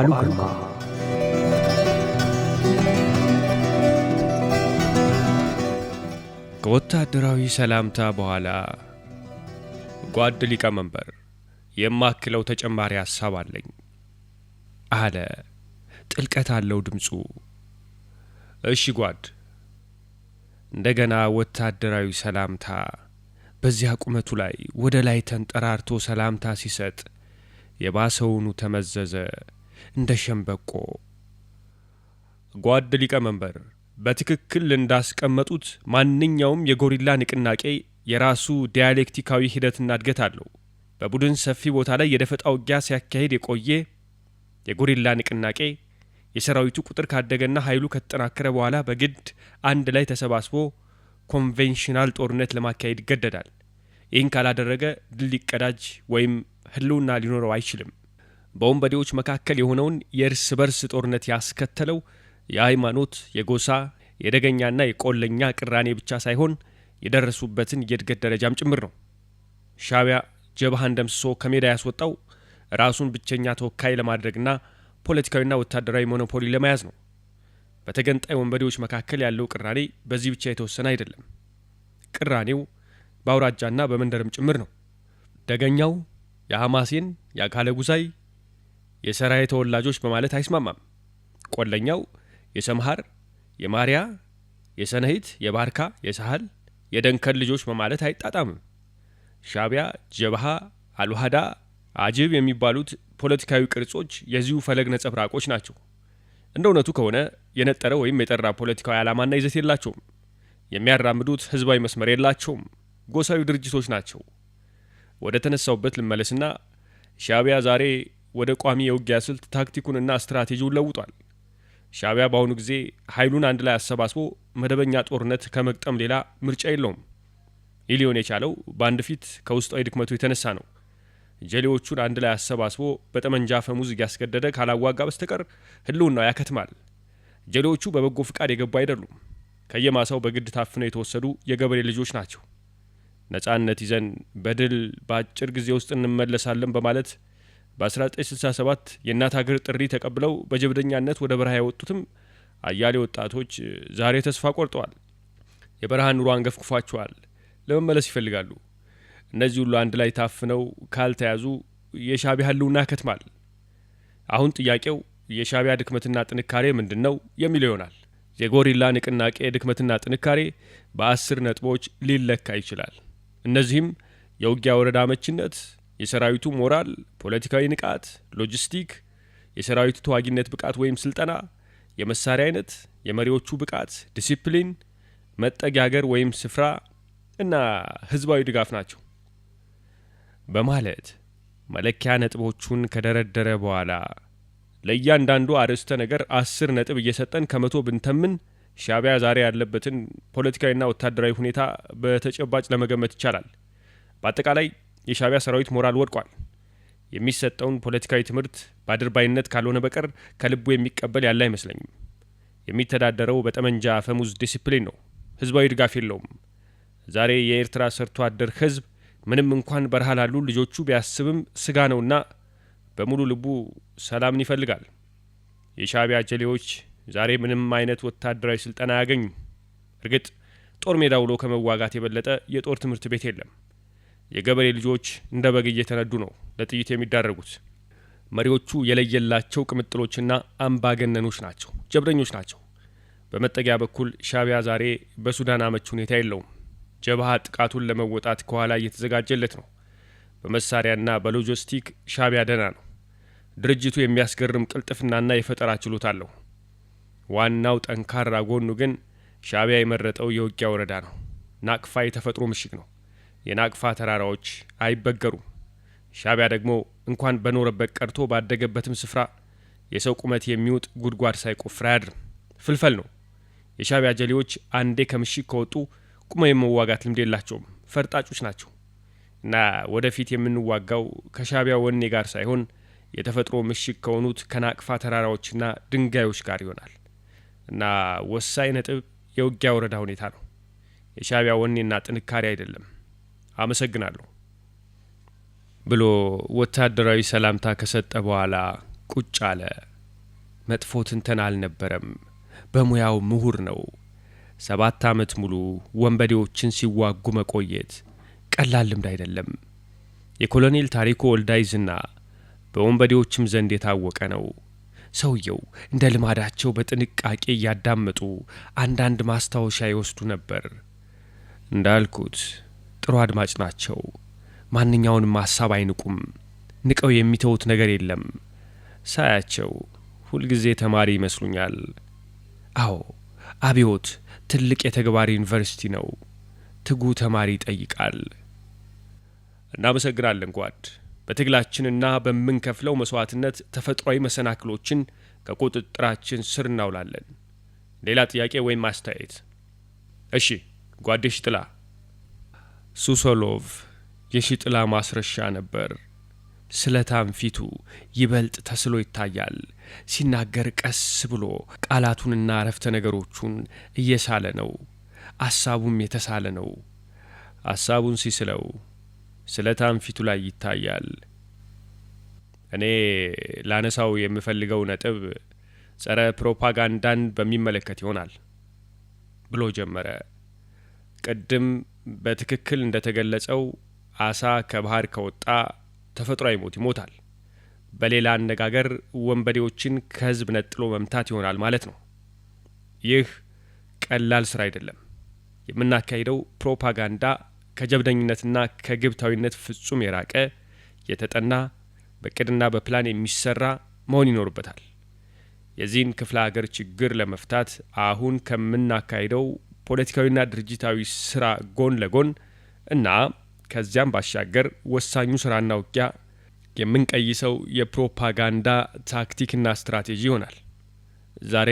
አሉ ግርማ ከወታደራዊ ሰላምታ በኋላ ጓድ ሊቀመንበር የማክለው ተጨማሪ ሐሳብ አለኝ አለ። ጥልቀት አለው ድምፁ። እሺ ጓድ፣ እንደገና ወታደራዊ ሰላምታ በዚያ ቁመቱ ላይ ወደ ላይ ተንጠራርቶ ሰላምታ ሲሰጥ የባሰውኑ ተመዘዘ። እንደ ሸምበቆ። ጓድ ሊቀመንበር በትክክል እንዳስቀመጡት ማንኛውም የጎሪላ ንቅናቄ የራሱ ዲያሌክቲካዊ ሂደትና እድገት አለው። በቡድን ሰፊ ቦታ ላይ የደፈጣ ውጊያ ሲያካሄድ የቆየ የጎሪላ ንቅናቄ የሰራዊቱ ቁጥር ካደገና ኃይሉ ከተጠናከረ በኋላ በግድ አንድ ላይ ተሰባስቦ ኮንቬንሽናል ጦርነት ለማካሄድ ይገደዳል። ይህን ካላደረገ ድል ሊቀዳጅ ወይም ህልውና ሊኖረው አይችልም። በወንበዴዎች መካከል የሆነውን የእርስ በርስ ጦርነት ያስከተለው የሃይማኖት፣ የጎሳ፣ የደገኛና የቆለኛ ቅራኔ ብቻ ሳይሆን የደረሱበትን የእድገት ደረጃም ጭምር ነው። ሻቢያ፣ ጀብሃን ደምስሶ ከሜዳ ያስወጣው ራሱን ብቸኛ ተወካይ ለማድረግና ፖለቲካዊና ወታደራዊ ሞኖፖሊ ለመያዝ ነው። በተገንጣይ ወንበዴዎች መካከል ያለው ቅራኔ በዚህ ብቻ የተወሰነ አይደለም። ቅራኔው በአውራጃና በመንደርም ጭምር ነው። ደገኛው የሐማሴን፣ የአካለ ጉዛይ፣ የሰራይ ተወላጆች በማለት አይስማማም። ቆለኛው የሰምሃር፣ የማሪያ፣ የሰነሂት፣ የባርካ፣ የሳህል፣ የደንከል ልጆች በማለት አይጣጣምም። ሻቢያ፣ ጀብሃ፣ አልዋህዳ፣ አጅብ የሚባሉት ፖለቲካዊ ቅርጾች የዚሁ ፈለግ ነጸብራቆች ናቸው። እንደ እውነቱ ከሆነ የነጠረ ወይም የጠራ ፖለቲካዊ ዓላማና ይዘት የላቸውም። የሚያራምዱት ህዝባዊ መስመር የላቸውም። ጎሳዊ ድርጅቶች ናቸው። ወደ ተነሳውበት ልመለስና ሻቢያ ዛሬ ወደ ቋሚ የውጊያ ስልት ታክቲኩንና ስትራቴጂውን ለውጧል። ሻቢያ በአሁኑ ጊዜ ኃይሉን አንድ ላይ አሰባስቦ መደበኛ ጦርነት ከመግጠም ሌላ ምርጫ የለውም። ይህ ሊሆን የቻለው በአንድ ፊት ከውስጣዊ ድክመቱ የተነሳ ነው። ጀሌዎቹን አንድ ላይ አሰባስቦ በጠመንጃ ፈሙዝ እያስገደደ ካላዋጋ በስተቀር ህልውናው ያከትማል። ጀሌዎቹ በበጎ ፍቃድ የገቡ አይደሉም። ከየማሳው በግድ ታፍነው የተወሰዱ የገበሬ ልጆች ናቸው። ነፃነት ይዘን በድል በአጭር ጊዜ ውስጥ እንመለሳለን በማለት በ1967 የእናት ሀገር ጥሪ ተቀብለው በጀብደኛነት ወደ በረሃ የወጡትም አያሌ ወጣቶች ዛሬ ተስፋ ቆርጠዋል። የበረሃ ኑሮ አንገፍግፏቸዋል፣ ለመመለስ ይፈልጋሉ። እነዚህ ሁሉ አንድ ላይ ታፍነው ካልተያዙ የሻቢያ ህልውና ከትማል። አሁን ጥያቄው የሻቢያ ድክመትና ጥንካሬ ምንድን ነው የሚለው ይሆናል። የጎሪላ ንቅናቄ ድክመትና ጥንካሬ በአስር ነጥቦች ሊለካ ይችላል። እነዚህም የውጊያ ወረዳ መችነት የሰራዊቱ ሞራል፣ ፖለቲካዊ ንቃት፣ ሎጂስቲክ፣ የሰራዊቱ ተዋጊነት ብቃት ወይም ስልጠና፣ የመሳሪያ አይነት፣ የመሪዎቹ ብቃት፣ ዲሲፕሊን፣ መጠጊያ ሀገር ወይም ስፍራ እና ህዝባዊ ድጋፍ ናቸው በማለት መለኪያ ነጥቦቹን ከደረደረ በኋላ ለእያንዳንዱ አርዕስተ ነገር አስር ነጥብ እየሰጠን ከመቶ ብንተምን ሻቢያ ዛሬ ያለበትን ፖለቲካዊና ወታደራዊ ሁኔታ በተጨባጭ ለመገመት ይቻላል። በአጠቃላይ የሻቢያ ሰራዊት ሞራል ወድቋል። የሚሰጠውን ፖለቲካዊ ትምህርት በአድርባይነት ካልሆነ በቀር ከልቡ የሚቀበል ያለ አይመስለኝም። የሚተዳደረው በጠመንጃ አፈሙዝ ዲሲፕሊን ነው። ህዝባዊ ድጋፍ የለውም። ዛሬ የኤርትራ ሰርቶ አደር ህዝብ ምንም እንኳን በረሃ ላሉ ልጆቹ ቢያስብም ስጋ ነውና በሙሉ ልቡ ሰላምን ይፈልጋል። የሻቢያ ጀሌዎች ዛሬ ምንም አይነት ወታደራዊ ስልጠና አያገኙም። እርግጥ ጦር ሜዳ ውሎ ከመዋጋት የበለጠ የጦር ትምህርት ቤት የለም። የገበሬ ልጆች እንደ በግ እየተነዱ ነው ለጥይት የሚዳረጉት። መሪዎቹ የለየላቸው ቅምጥሎችና አምባገነኖች ናቸው፣ ጀብደኞች ናቸው። በመጠጊያ በኩል ሻቢያ ዛሬ በሱዳን አመች ሁኔታ የለውም። ጀብሃ ጥቃቱን ለመወጣት ከኋላ እየተዘጋጀለት ነው። በመሳሪያና በሎጂስቲክ ሻቢያ ደህና ነው። ድርጅቱ የሚያስገርም ቅልጥፍናና የፈጠራ ችሎታ አለው። ዋናው ጠንካራ ጎኑ ግን ሻቢያ የመረጠው የውጊያ ወረዳ ነው። ናቅፋ የተፈጥሮ ምሽግ ነው። የናቅፋ ተራራዎች አይበገሩም። ሻቢያ ደግሞ እንኳን በኖረበት ቀርቶ ባደገበትም ስፍራ የሰው ቁመት የሚውጥ ጉድጓድ ሳይቆፍር አያድርም። ፍልፈል ነው። የሻቢያ ጀሌዎች አንዴ ከምሽግ ከወጡ ቁመው የመዋጋት ልምድ የላቸውም። ፈርጣጮች ናቸው እና ወደፊት የምንዋጋው ከሻቢያ ወኔ ጋር ሳይሆን የተፈጥሮ ምሽግ ከሆኑት ከናቅፋ ተራራዎችና ድንጋዮች ጋር ይሆናል እና ወሳኝ ነጥብ የውጊያ ወረዳ ሁኔታ ነው። የሻቢያ ወኔና ጥንካሬ አይደለም አመሰግናለሁ ብሎ ወታደራዊ ሰላምታ ከሰጠ በኋላ ቁጭ አለ። መጥፎ ትንተና አልነበረም። በሙያው ምሁር ነው። ሰባት ዓመት ሙሉ ወንበዴዎችን ሲዋጉ መቆየት ቀላል ልምድ አይደለም። የኮሎኔል ታሪኩ ወልዳይ ዝና በወንበዴዎችም ዘንድ የታወቀ ነው። ሰውየው እንደ ልማዳቸው በጥንቃቄ እያዳመጡ አንዳንድ ማስታወሻ ይወስዱ ነበር። እንዳልኩት ጥሩ አድማጭ ናቸው። ማንኛውንም ሀሳብ አይንቁም። ንቀው የሚተውት ነገር የለም። ሳያቸው ሁልጊዜ ተማሪ ይመስሉኛል። አዎ አብዮት ትልቅ የተግባር ዩኒቨርሲቲ ነው። ትጉ ተማሪ ይጠይቃል። እናመሰግናለን ጓድ። በትግላችንና በምንከፍለው መስዋዕትነት ተፈጥሯዊ መሰናክሎችን ከቁጥጥራችን ስር እናውላለን። ሌላ ጥያቄ ወይም አስተያየት? እሺ ጓዴሽ ጥላ ሱሶሎቭ የሺጥላ ማስረሻ ነበር። ስለታም ፊቱ ይበልጥ ተስሎ ይታያል። ሲናገር ቀስ ብሎ ቃላቱንና አረፍተ ነገሮቹን እየሳለ ነው። አሳቡም የተሳለ ነው። አሳቡን ሲስለው ስለታም ፊቱ ላይ ይታያል። እኔ ላነሳው የምፈልገው ነጥብ ጸረ ፕሮፓጋንዳን በሚመለከት ይሆናል ብሎ ጀመረ። ቅድም በትክክል እንደተገለጸው አሳ ከባህር ከወጣ ተፈጥሯዊ ሞት ይሞታል። በሌላ አነጋገር ወንበዴዎችን ከህዝብ ነጥሎ መምታት ይሆናል ማለት ነው። ይህ ቀላል ስራ አይደለም። የምናካሂደው ፕሮፓጋንዳ ከጀብደኝነትና ከግብታዊነት ፍጹም የራቀ የተጠና በቅድና በፕላን የሚሰራ መሆን ይኖርበታል። የዚህን ክፍለ ሀገር ችግር ለመፍታት አሁን ከምናካሂደው ፖለቲካዊና ድርጅታዊ ስራ ጎን ለጎን እና ከዚያም ባሻገር ወሳኙ ስራና ውጊያ የምንቀይሰው የፕሮፓጋንዳ ታክቲክና ስትራቴጂ ይሆናል። ዛሬ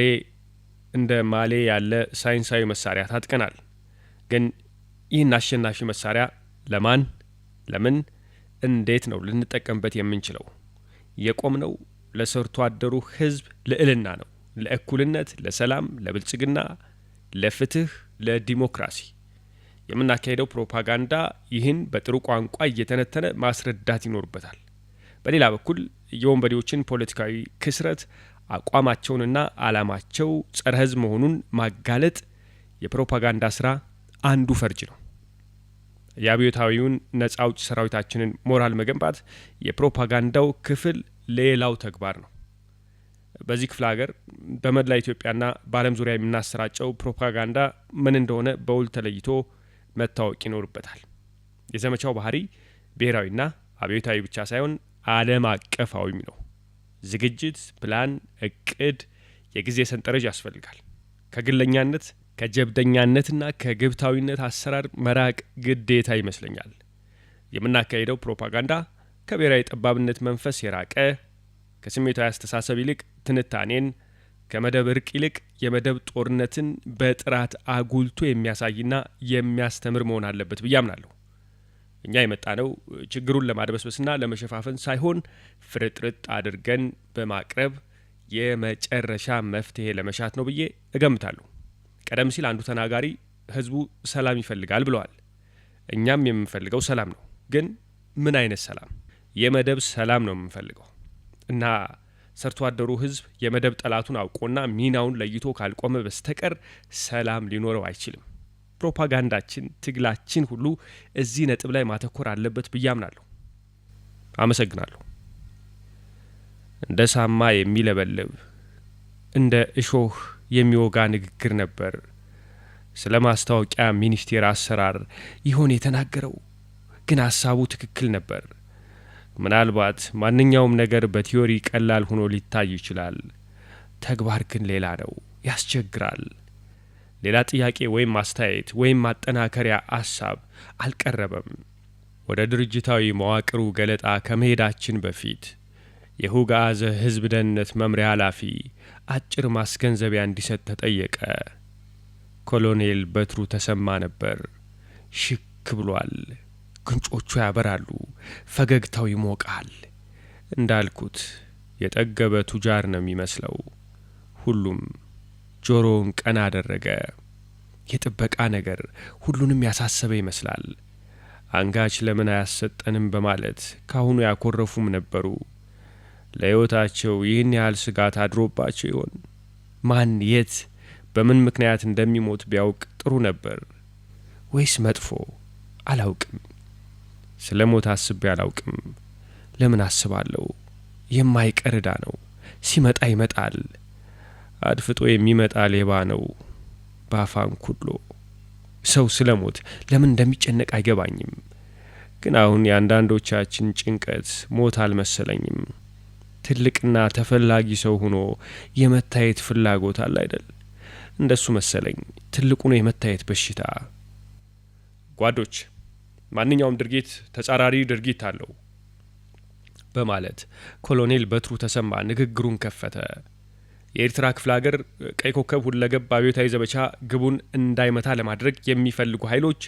እንደ ማሌ ያለ ሳይንሳዊ መሳሪያ ታጥቀናል። ግን ይህን አሸናፊ መሳሪያ ለማን፣ ለምን፣ እንዴት ነው ልንጠቀምበት የምንችለው? የቆምነው ለሰርቶ አደሩ ህዝብ ልዕልና ነው። ለእኩልነት፣ ለሰላም፣ ለብልጽግና፣ ለፍትህ ለዲሞክራሲ የምናካሄደው ፕሮፓጋንዳ ይህን በጥሩ ቋንቋ እየተነተነ ማስረዳት ይኖርበታል። በሌላ በኩል የወንበዴዎችን ፖለቲካዊ ክስረት አቋማቸውንና ዓላማቸው ጸረ ሕዝብ መሆኑን ማጋለጥ የፕሮፓጋንዳ ስራ አንዱ ፈርጅ ነው። የአብዮታዊውን ነጻ አውጭ ሰራዊታችንን ሞራል መገንባት የፕሮፓጋንዳው ክፍል ሌላው ተግባር ነው። በዚህ ክፍለ ሀገር በመላ ኢትዮጵያና በዓለም ዙሪያ የምናሰራጨው ፕሮፓጋንዳ ምን እንደሆነ በውል ተለይቶ መታወቅ ይኖርበታል። የዘመቻው ባህሪ ብሔራዊና አብዮታዊ ብቻ ሳይሆን ዓለም አቀፋዊም ነው። ዝግጅት፣ ፕላን፣ እቅድ፣ የጊዜ ሰንጠረዥ ያስፈልጋል። ከግለኛነት ከጀብደኛነትና ከግብታዊነት አሰራር መራቅ ግዴታ ይመስለኛል። የምናካሄደው ፕሮፓጋንዳ ከብሔራዊ ጠባብነት መንፈስ የራቀ ከስሜታዊ አስተሳሰብ ይልቅ ትንታኔን ከመደብ እርቅ ይልቅ የመደብ ጦርነትን በጥራት አጉልቶ የሚያሳይና የሚያስተምር መሆን አለበት ብዬ አምናለሁ። እኛ የመጣ ነው ችግሩን ለማድበስበስና ለመሸፋፈን ሳይሆን ፍርጥርጥ አድርገን በማቅረብ የመጨረሻ መፍትሄ ለመሻት ነው ብዬ እገምታለሁ። ቀደም ሲል አንዱ ተናጋሪ ህዝቡ ሰላም ይፈልጋል ብለዋል። እኛም የምንፈልገው ሰላም ነው። ግን ምን አይነት ሰላም? የመደብ ሰላም ነው የምንፈልገው እና ሰርቶ አደሩ ህዝብ የመደብ ጠላቱን አውቆና ሚናውን ለይቶ ካልቆመ በስተቀር ሰላም ሊኖረው አይችልም። ፕሮፓጋንዳችን፣ ትግላችን ሁሉ እዚህ ነጥብ ላይ ማተኮር አለበት ብዬ አምናለሁ። አመሰግናለሁ። እንደ ሳማ የሚለበልብ እንደ እሾህ የሚወጋ ንግግር ነበር ስለ ማስታወቂያ ሚኒስቴር አሰራር ይሆን የተናገረው? ግን ሀሳቡ ትክክል ነበር። ምናልባት ማንኛውም ነገር በቲዮሪ ቀላል ሆኖ ሊታይ ይችላል። ተግባር ግን ሌላ ነው፣ ያስቸግራል። ሌላ ጥያቄ ወይም አስተያየት ወይም ማጠናከሪያ አሳብ አልቀረበም። ወደ ድርጅታዊ መዋቅሩ ገለጣ ከመሄዳችን በፊት የሁጋዘ ሕዝብ ደህንነት መምሪያ ኃላፊ አጭር ማስገንዘቢያ እንዲሰጥ ተጠየቀ። ኮሎኔል በትሩ ተሰማ ነበር። ሽክ ብሏል። ክንጮቹ ያበራሉ፣ ፈገግታው ይሞቃል። እንዳልኩት የጠገበ ቱጃር ነው የሚመስለው። ሁሉም ጆሮውን ቀና አደረገ። የጥበቃ ነገር ሁሉንም ያሳሰበ ይመስላል። አንጋች ለምን አያሰጠንም በማለት ካሁኑ ያኮረፉም ነበሩ። ለሕይወታቸው ይህን ያህል ስጋት አድሮባቸው ይሆን? ማን የት በምን ምክንያት እንደሚሞት ቢያውቅ ጥሩ ነበር፣ ወይስ መጥፎ? አላውቅም። ስለ ሞት አስቤ አላውቅም። ለምን አስባለሁ? የማይቀር ዕዳ ነው። ሲመጣ ይመጣል። አድፍጦ የሚመጣ ሌባ ነው። ባፋን ኩሎ ሰው ስለ ሞት ለምን እንደሚጨነቅ አይገባኝም። ግን አሁን የአንዳንዶቻችን ጭንቀት ሞት አልመሰለኝም። ትልቅና ተፈላጊ ሰው ሆኖ የመታየት ፍላጎት አለ አይደል? እንደሱ መሰለኝ። ትልቁ ነው የመታየት በሽታ ጓዶች ማንኛውም ድርጊት ተጻራሪ ድርጊት አለው በማለት ኮሎኔል በትሩ ተሰማ ንግግሩን ከፈተ። የኤርትራ ክፍለ ሀገር ቀይ ኮከብ ሁለገብ አብዮታዊ ዘመቻ ግቡን እንዳይመታ ለማድረግ የሚፈልጉ ኃይሎች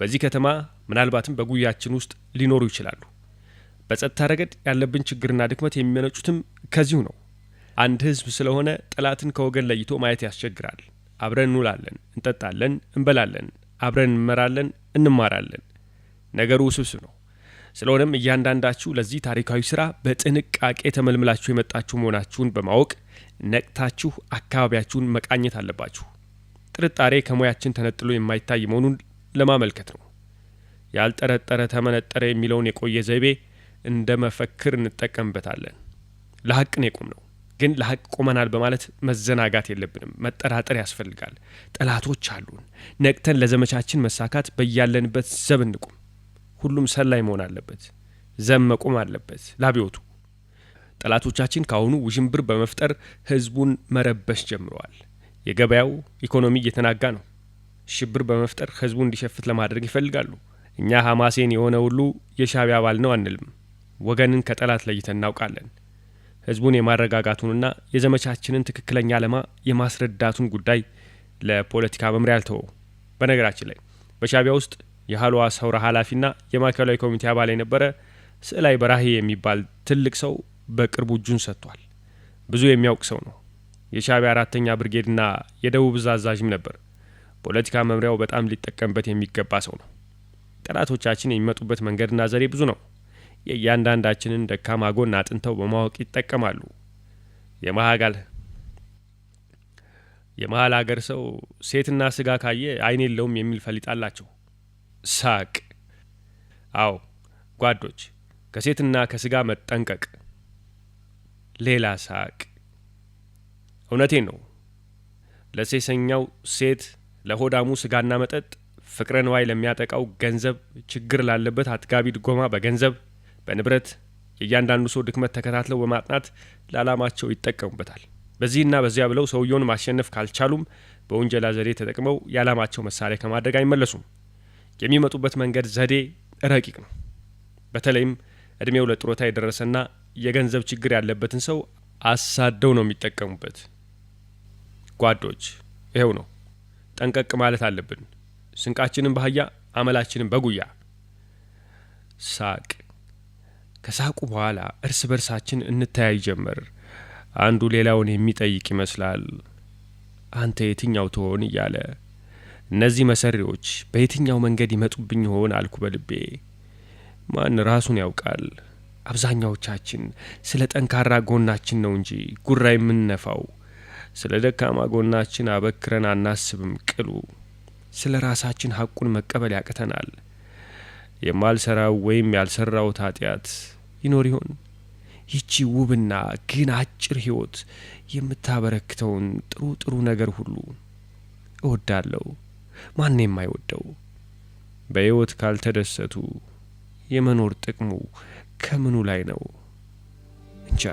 በዚህ ከተማ ምናልባትም በጉያችን ውስጥ ሊኖሩ ይችላሉ። በጸጥታ ረገድ ያለብን ችግርና ድክመት የሚመነጩትም ከዚሁ ነው። አንድ ህዝብ ስለሆነ ጠላትን ከወገን ለይቶ ማየት ያስቸግራል። አብረን እንውላለን፣ እንጠጣለን፣ እንበላለን፣ አብረን እንመራለን፣ እንማራለን ነገሩ ውስብስብ ነው። ስለሆነም እያንዳንዳችሁ ለዚህ ታሪካዊ ስራ በጥንቃቄ ተመልምላችሁ የመጣችሁ መሆናችሁን በማወቅ ነቅታችሁ አካባቢያችሁን መቃኘት አለባችሁ። ጥርጣሬ ከሙያችን ተነጥሎ የማይታይ መሆኑን ለማመልከት ነው። ያልጠረጠረ ተመነጠረ የሚለውን የቆየ ዘይቤ እንደ መፈክር እንጠቀምበታለን። ለሀቅን የቆም ነው ግን ለሀቅ ቆመናል በማለት መዘናጋት የለብንም። መጠራጠር ያስፈልጋል። ጠላቶች አሉን። ነቅተን ለዘመቻችን መሳካት በያለንበት ዘብ እንቁም። ሁሉም ሰላይ መሆን አለበት፣ ዘብ መቆም አለበት ላብዮቱ ጠላቶቻችን ካሁኑ ውዥንብር በመፍጠር ህዝቡን መረበሽ ጀምረዋል። የገበያው ኢኮኖሚ እየተናጋ ነው። ሽብር በመፍጠር ህዝቡ እንዲሸፍት ለማድረግ ይፈልጋሉ። እኛ ሐማሴን የሆነ ሁሉ የሻቢያ አባል ነው አንልም። ወገንን ከጠላት ለይተን እናውቃለን። ህዝቡን የማረጋጋቱንና የዘመቻችንን ትክክለኛ ዓላማ የማስረዳቱን ጉዳይ ለፖለቲካ መምሪያ አልተወው። በነገራችን ላይ በሻቢያ ውስጥ የሀልዋ ሰውራ ኃላፊና የማዕከላዊ ኮሚቴ አባል የነበረ ስዕላይ በራሄ የሚባል ትልቅ ሰው በቅርቡ እጁን ሰጥቷል። ብዙ የሚያውቅ ሰው ነው። የሻዕቢያ አራተኛ ብርጌድና የደቡብ እዝ አዛዥም ነበር። ፖለቲካ መምሪያው በጣም ሊጠቀምበት የሚገባ ሰው ነው። ጠላቶቻችን የሚመጡበት መንገድና ዘዴ ብዙ ነው። የእያንዳንዳችንን ደካማ ጎን አጥንተው በማወቅ ይጠቀማሉ። የመሀጋል የመሀል አገር ሰው ሴትና ስጋ ካየ ዓይን የለውም የሚል ፈሊጥ አላቸው። ሳቅ። አዎ ጓዶች፣ ከሴትና ከስጋ መጠንቀቅ። ሌላ ሳቅ። እውነቴን ነው። ለሴሰኛው ሴት፣ ለሆዳሙ ስጋና መጠጥ፣ ፍቅረ ንዋይ ለሚያጠቃው ገንዘብ፣ ችግር ላለበት አትጋቢ ድጎማ በገንዘብ በንብረት የእያንዳንዱ ሰው ድክመት ተከታትለው በማጥናት ለዓላማቸው ይጠቀሙበታል። በዚህና በዚያ ብለው ሰውየውን ማሸነፍ ካልቻሉም በውንጀላ ዘዴ ተጠቅመው የዓላማቸው መሳሪያ ከማድረግ አይመለሱም። የሚመጡበት መንገድ ዘዴ ረቂቅ ነው። በተለይም እድሜው ለጡረታ የደረሰና የገንዘብ ችግር ያለበትን ሰው አሳደው ነው የሚጠቀሙበት። ጓዶች ይኸው ነው፣ ጠንቀቅ ማለት አለብን። ስንቃችንን ባህያ፣ አመላችንን በጉያ ሳቅ። ከሳቁ በኋላ እርስ በርሳችን እንተያይ ጀመር። አንዱ ሌላውን የሚጠይቅ ይመስላል። አንተ የትኛው ትሆን እያለ እነዚህ መሰሪዎች በየትኛው መንገድ ይመጡብኝ ይሆን አልኩ በልቤ። ማን ራሱን ያውቃል። አብዛኛዎቻችን ስለ ጠንካራ ጎናችን ነው እንጂ ጉራ የምንነፋው፣ ስለ ደካማ ጎናችን አበክረን አናስብም። ቅሉ ስለ ራሳችን ሐቁን መቀበል ያቅተናል። የማልሰራው ወይም ያልሰራውት ኃጢአት ይኖር ይሆን? ይቺ ውብና ግን አጭር ሕይወት የምታበረክተውን ጥሩ ጥሩ ነገር ሁሉ እወዳለሁ። ማን የማይወደው? በሕይወት ካልተደሰቱ የመኖር ጥቅሙ ከምኑ ላይ ነው? እንጃ።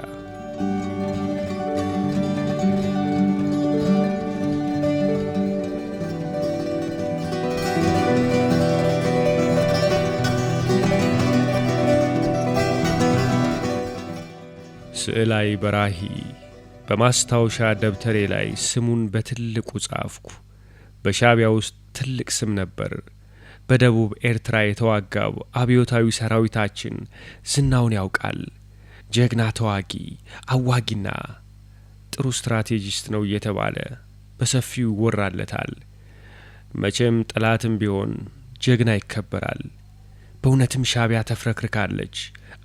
ስዕላይ በራሂ በማስታወሻ ደብተሬ ላይ ስሙን በትልቁ ጻፍኩ። በሻቢያ ውስጥ ትልቅ ስም ነበር። በደቡብ ኤርትራ የተዋጋው አብዮታዊ ሰራዊታችን ዝናውን ያውቃል። ጀግና ተዋጊ፣ አዋጊና ጥሩ ስትራቴጂስት ነው እየተባለ በሰፊው ይወራለታል። መቼም ጠላትም ቢሆን ጀግና ይከበራል። በእውነትም ሻቢያ ተፍረክርካለች፣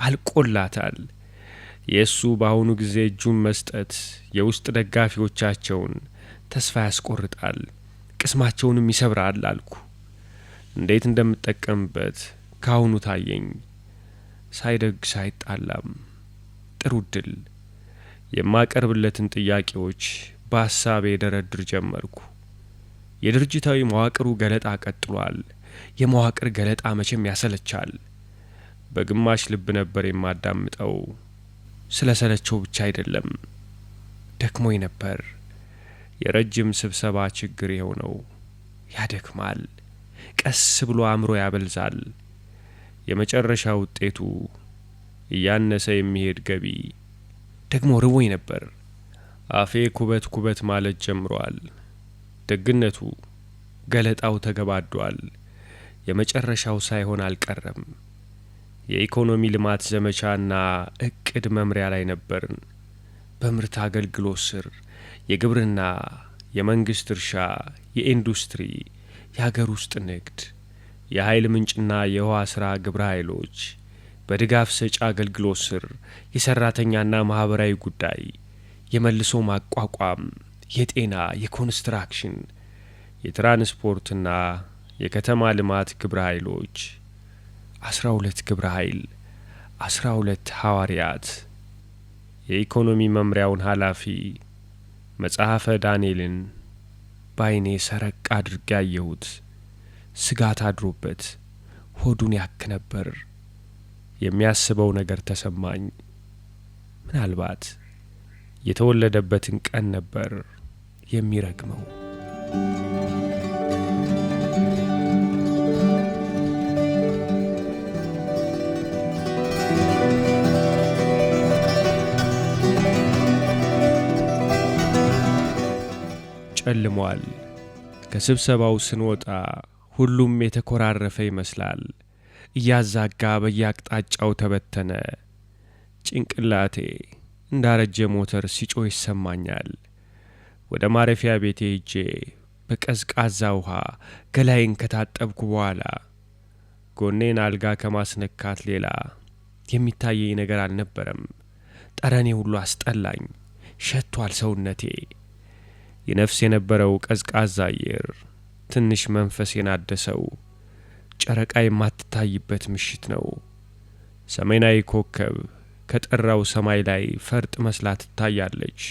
አልቆላታል። የእሱ በአሁኑ ጊዜ እጁን መስጠት የውስጥ ደጋፊዎቻቸውን ተስፋ ያስቆርጣል። ቅስማቸውንም ይሰብራል አልኩ። እንዴት እንደምጠቀምበት ካሁኑ ታየኝ። ሳይደግስ አይጣላም። ጥሩ ድል። የማቀርብለትን ጥያቄዎች በሀሳብ የደረድር ጀመርኩ። የድርጅታዊ መዋቅሩ ገለጣ ቀጥሏል። የመዋቅር ገለጣ መቼም ያሰለቻል። በግማሽ ልብ ነበር የማዳምጠው። ስለ ሰለቸው ብቻ አይደለም፣ ደክሞኝ ነበር። የረጅም ስብሰባ ችግር ይኸው ነው። ያደክማል፣ ቀስ ብሎ አእምሮ ያበልዛል። የመጨረሻ ውጤቱ እያነሰ የሚሄድ ገቢ። ደግሞ ርቦኝ ነበር። አፌ ኩበት ኩበት ማለት ጀምሯል። ደግነቱ ገለጣው ተገባዷል። የመጨረሻው ሳይሆን አልቀረም። የኢኮኖሚ ልማት ዘመቻና እቅድ መምሪያ ላይ ነበርን፣ በምርት አገልግሎት ስር የግብርና፣ የመንግሥት እርሻ፣ የኢንዱስትሪ፣ የሀገር ውስጥ ንግድ፣ የኃይል ምንጭና የውሃ ሥራ ግብረ ኃይሎች በድጋፍ ሰጪ አገልግሎት ስር የሠራተኛና ማኅበራዊ ጉዳይ፣ የመልሶ ማቋቋም፣ የጤና፣ የኮንስትራክሽን፣ የትራንስፖርትና የከተማ ልማት ግብረ ኃይሎች አስራ ሁለት ግብረ ኃይል አስራ ሁለት ሐዋርያት የኢኮኖሚ መምሪያውን ኃላፊ መጽሐፈ ዳንኤልን ባይኔ ሰረቅ አድርጌ አየሁት። ስጋት አድሮበት ሆዱን ያክ ነበር። የሚያስበው ነገር ተሰማኝ። ምናልባት የተወለደበትን ቀን ነበር የሚረግመው። ጨልሟል። ከስብሰባው ስንወጣ ሁሉም የተኮራረፈ ይመስላል። እያዛጋ በየአቅጣጫው ተበተነ። ጭንቅላቴ እንዳረጀ ሞተር ሲጮ ይሰማኛል። ወደ ማረፊያ ቤቴ ሄጄ በቀዝቃዛ ውሃ ገላይን ከታጠብኩ በኋላ ጎኔን አልጋ ከማስነካት ሌላ የሚታየኝ ነገር አልነበረም። ጠረኔ ሁሉ አስጠላኝ፣ ሸቷል ሰውነቴ። የነፍስ የነበረው ቀዝቃዛ አየር ትንሽ መንፈሴን አደሰው። ጨረቃ የማትታይበት ምሽት ነው። ሰሜናዊ ኮከብ ከጠራው ሰማይ ላይ ፈርጥ መስላ ትታያለች።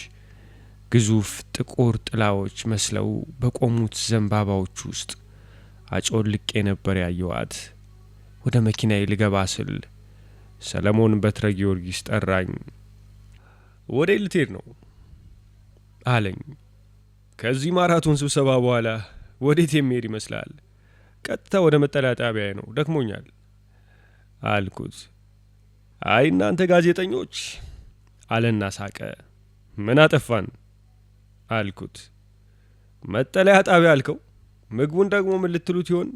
ግዙፍ ጥቁር ጥላዎች መስለው በቆሙት ዘንባባዎች ውስጥ አጮልቄ ነበር ያየዋት። ወደ መኪናዬ ልገባ ስል ሰለሞን በትረ ጊዮርጊስ ጠራኝ። ወደ ልትሄድ ነው አለኝ። ከዚህ ማራቶን ስብሰባ በኋላ ወዴት የሚሄድ ይመስላል? ቀጥታ ወደ መጠለያ ጣቢያ ነው፣ ደክሞኛል አልኩት። አይ እናንተ ጋዜጠኞች አለና ሳቀ። ምን አጠፋን አልኩት። መጠለያ ጣቢያ አልከው፣ ምግቡን ደግሞ ምን ልትሉት ይሆን?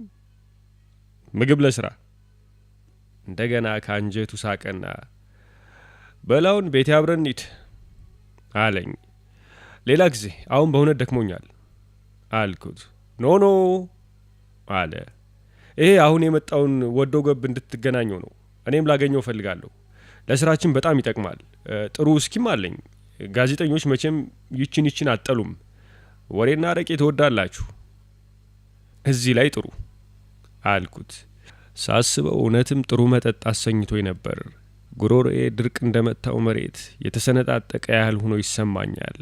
ምግብ ለስራ እንደገና ከአንጀቱ ሳቀና በላውን ቤት አብረን አለኝ። ሌላ ጊዜ፣ አሁን በእውነት ደክሞኛል አልኩት። ኖ ኖ አለ። ይሄ አሁን የመጣውን ወዶ ገብ እንድትገናኘው ነው። እኔም ላገኘው ፈልጋለሁ ለስራችን በጣም ይጠቅማል። ጥሩ እስኪም አለኝ። ጋዜጠኞች መቼም ይችን ይችን አጠሉም። ወሬና ረቄ ትወዳላችሁ። እዚህ ላይ ጥሩ አልኩት። ሳስበው እውነትም ጥሩ መጠጥ አሰኝቶኝ ነበር። ጉሮሮዬ ድርቅ እንደመታው መሬት የተሰነጣጠቀ ያህል ሆኖ ይሰማኛል።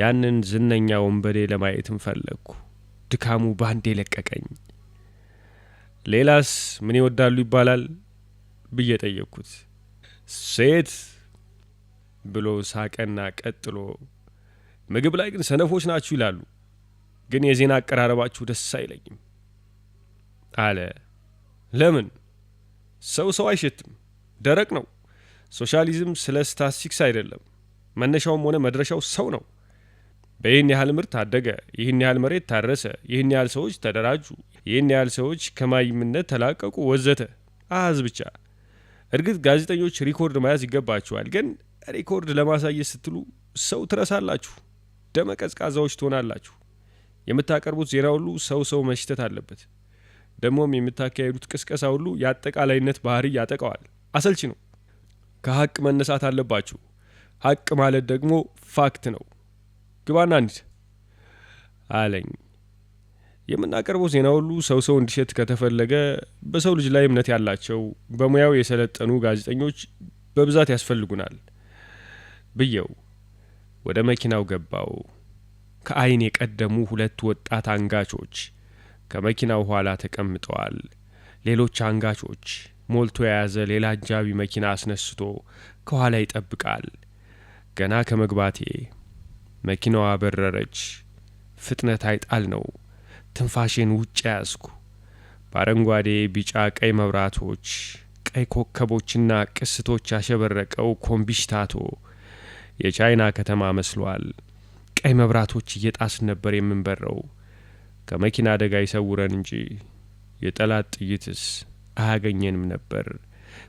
ያንን ዝነኛ ወንበዴ ለማየትም ፈለግኩ። ድካሙ ባንዴ ለቀቀኝ። ሌላስ ምን ይወዳሉ ይባላል ብዬ ጠየቅኩት። ሴት ብሎ ሳቀና ቀጥሎ ምግብ ላይ ግን ሰነፎች ናችሁ ይላሉ፣ ግን የዜና አቀራረባችሁ ደስ አይለኝም አለ። ለምን? ሰው ሰው አይሸትም፣ ደረቅ ነው። ሶሻሊዝም ስለ ስታሲክስ አይደለም። መነሻውም ሆነ መድረሻው ሰው ነው። በይህን ያህል ምርት አደገ፣ ይህን ያህል መሬት ታረሰ፣ ይህን ያህል ሰዎች ተደራጁ፣ ይህን ያህል ሰዎች ከማይምነት ተላቀቁ፣ ወዘተ አሃዝ ብቻ። እርግጥ ጋዜጠኞች ሪኮርድ መያዝ ይገባቸዋል። ግን ሪኮርድ ለማሳየት ስትሉ ሰው ትረሳላችሁ፣ ደመ ቀዝቃዛዎች ትሆናላችሁ። የምታቀርቡት ዜና ሁሉ ሰው ሰው መሽተት አለበት። ደግሞም የምታካሄዱት ቅስቀሳ ሁሉ የአጠቃላይነት ባህሪ ያጠቀዋል። አሰልቺ ነው። ከሀቅ መነሳት አለባችሁ። ሀቅ ማለት ደግሞ ፋክት ነው። ግባና እንዲት አለኝ። የምናቀርበው ዜና ሁሉ ሰው ሰው እንዲሸት ከተፈለገ በሰው ልጅ ላይ እምነት ያላቸው በሙያው የሰለጠኑ ጋዜጠኞች በብዛት ያስፈልጉናል ብየው ወደ መኪናው ገባው። ከአይን የቀደሙ ሁለት ወጣት አንጋቾች ከመኪናው ኋላ ተቀምጠዋል። ሌሎች አንጋቾች ሞልቶ የያዘ ሌላ አጃቢ መኪና አስነስቶ ከኋላ ይጠብቃል። ገና ከመግባቴ መኪናዋ በረረች። ፍጥነት አይጣል ነው። ትንፋሽን ውጭ ያዝኩ። በአረንጓዴ፣ ቢጫ፣ ቀይ መብራቶች፣ ቀይ ኮከቦችና ቅስቶች ያሸበረቀው ኮምቢሽታቶ የቻይና ከተማ መስሏል። ቀይ መብራቶች እየጣስን ነበር የምንበረው። ከመኪና አደጋ ይሰውረን እንጂ የጠላት ጥይትስ አያገኘንም ነበር።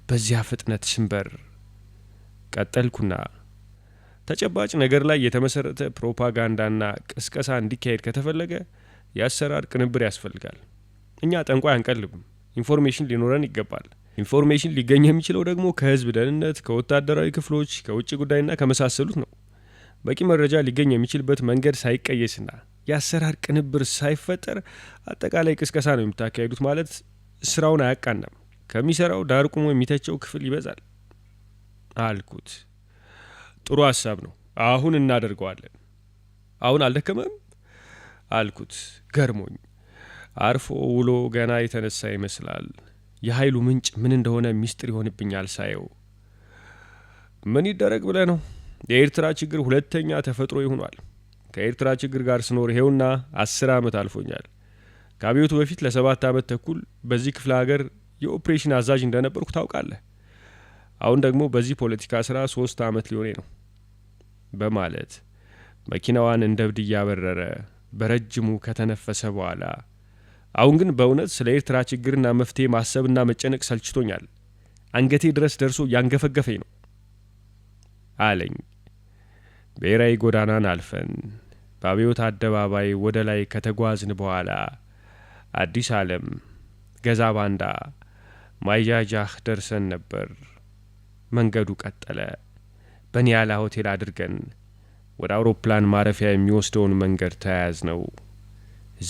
በዚያ ፍጥነት ስንበር ቀጠልኩና ተጨባጭ ነገር ላይ የተመሰረተ ፕሮፓጋንዳና ቅስቀሳ እንዲካሄድ ከተፈለገ የአሰራር ቅንብር ያስፈልጋል። እኛ ጠንቋይ አንቀልብም። ኢንፎርሜሽን ሊኖረን ይገባል። ኢንፎርሜሽን ሊገኝ የሚችለው ደግሞ ከህዝብ ደህንነት፣ ከወታደራዊ ክፍሎች፣ ከውጭ ጉዳይና ከመሳሰሉት ነው። በቂ መረጃ ሊገኝ የሚችልበት መንገድ ሳይቀየስና የአሰራር ቅንብር ሳይፈጠር አጠቃላይ ቅስቀሳ ነው የምታካሄዱት ማለት ስራውን አያቃናም። ከሚሰራው ዳር ቁሞ የሚተቸው ክፍል ይበዛል አልኩት። ጥሩ ሀሳብ ነው፣ አሁን እናደርገዋለን። አሁን አልደከመም አልኩት ገርሞኝ። አርፎ ውሎ ገና የተነሳ ይመስላል። የኃይሉ ምንጭ ምን እንደሆነ ሚስጢር ይሆንብኛል ሳየው። ምን ይደረግ ብለ ነው። የኤርትራ ችግር ሁለተኛ ተፈጥሮ ይሆኗል። ከኤርትራ ችግር ጋር ስኖር ይሄውና አስር ዓመት አልፎኛል። ከአብዮቱ በፊት ለሰባት ዓመት ተኩል በዚህ ክፍለ ሀገር የኦፕሬሽን አዛዥ እንደነበርኩ ታውቃለህ። አሁን ደግሞ በዚህ ፖለቲካ ስራ ሶስት ዓመት ሊሆኔ ነው። በማለት መኪናዋን እንደ እብድ እያበረረ በረጅሙ ከተነፈሰ በኋላ አሁን ግን በእውነት ስለ ኤርትራ ችግርና መፍትሄ ማሰብና መጨነቅ ሰልችቶኛል፣ አንገቴ ድረስ ደርሶ ያንገፈገፈኝ ነው አለኝ። ብሔራዊ ጎዳናን አልፈን በአብዮት አደባባይ ወደ ላይ ከተጓዝን በኋላ አዲስ ዓለም፣ ገዛ ባንዳ፣ ማይጃጃህ ደርሰን ነበር። መንገዱ ቀጠለ። በኒያላ ሆቴል አድርገን ወደ አውሮፕላን ማረፊያ የሚወስደውን መንገድ ተያያዝ ነው።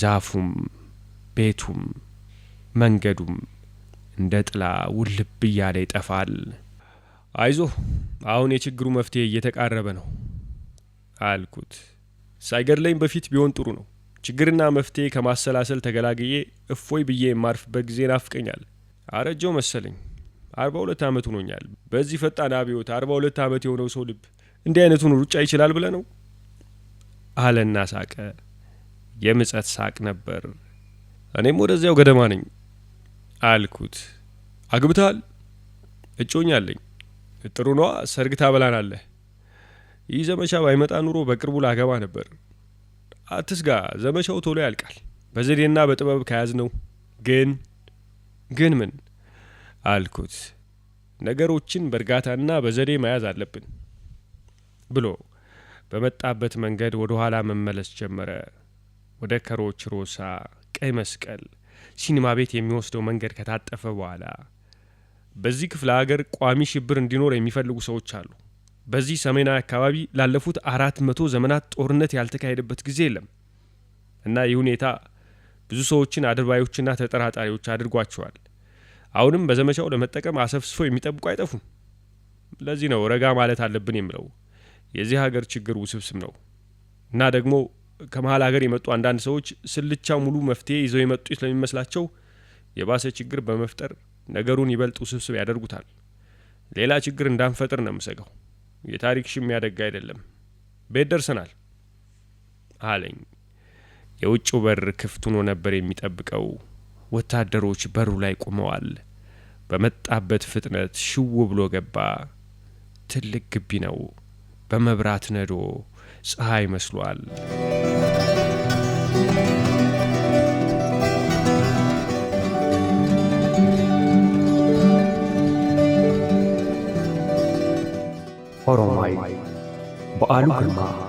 ዛፉም፣ ቤቱም፣ መንገዱም እንደ ጥላ ውልብ እያለ ይጠፋል። አይዞ አሁን የችግሩ መፍትሄ እየተቃረበ ነው አልኩት። ሳይገድለኝ በፊት ቢሆን ጥሩ ነው። ችግርና መፍትሄ ከማሰላሰል ተገላግዬ እፎይ ብዬ የማርፍበት ጊዜ ናፍቀኛል። አረጀው መሰለኝ። አርባ ሁለት ዓመት ሆኖኛል። በዚህ ፈጣን አብዮት አርባ ሁለት ዓመት የሆነው ሰው ልብ እንዲህ አይነቱን ሩጫ ይችላል ብለ ነው አለና ሳቀ። የምጸት ሳቅ ነበር። እኔም ወደዚያው ገደማ ነኝ አልኩት። አግብተሃል? እጮኛ አለኝ። ጥሩ ነዋ። ሰርግ ታበላናለህ። ይህ ዘመቻ ባይመጣ ኑሮ በቅርቡ ላገባ ነበር። አትስጋ፣ ዘመቻው ቶሎ ያልቃል። በዘዴና በጥበብ ከያዝ ነው። ግን ግን ምን አልኩት። ነገሮችን በእርጋታና በዘዴ መያዝ አለብን ብሎ በመጣበት መንገድ ወደ ኋላ መመለስ ጀመረ። ወደ ከሮች ሮሳ፣ ቀይ መስቀል፣ ሲኒማ ቤት የሚወስደው መንገድ ከታጠፈ በኋላ በዚህ ክፍለ አገር ቋሚ ሽብር እንዲኖር የሚፈልጉ ሰዎች አሉ። በዚህ ሰሜናዊ አካባቢ ላለፉት አራት መቶ ዘመናት ጦርነት ያልተካሄደበት ጊዜ የለም እና ይህ ሁኔታ ብዙ ሰዎችን አድርባዮችና ተጠራጣሪዎች አድርጓቸዋል። አሁንም በዘመቻው ለመጠቀም አሰፍስፎ የሚጠብቁ አይጠፉም። ለዚህ ነው ረጋ ማለት አለብን የምለው። የዚህ ሀገር ችግር ውስብስብ ነው እና ደግሞ ከመሀል ሀገር የመጡ አንዳንድ ሰዎች ስልቻ ሙሉ መፍትሄ ይዘው የመጡ ስለሚመስላቸው የባሰ ችግር በመፍጠር ነገሩን ይበልጥ ውስብስብ ያደርጉታል። ሌላ ችግር እንዳንፈጥር ነው የምሰጋው። የታሪክ ሽም ያደጋ አይደለም። ቤት ደርሰናል አለኝ። የውጭው በር ክፍት ሆኖ ነበር የሚጠብቀው። ወታደሮች በሩ ላይ ቆመዋል። በመጣበት ፍጥነት ሽው ብሎ ገባ። ትልቅ ግቢ ነው። በመብራት ነዶ ፀሐይ መስሏል። ኦሮማይ በዓሉ ግርማ